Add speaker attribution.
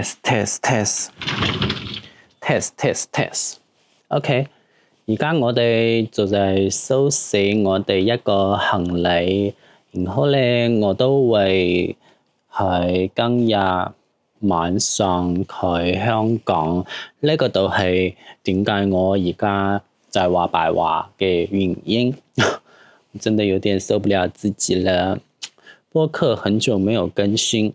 Speaker 1: test test test test test test，OK，okay，而家我哋就係收拾我哋一個行李，然後咧我都會喺今日晚上去香港呢、這個都係點解我而家就係話白話嘅原因， 真係有點受不了自己啦！播客很久沒有更新。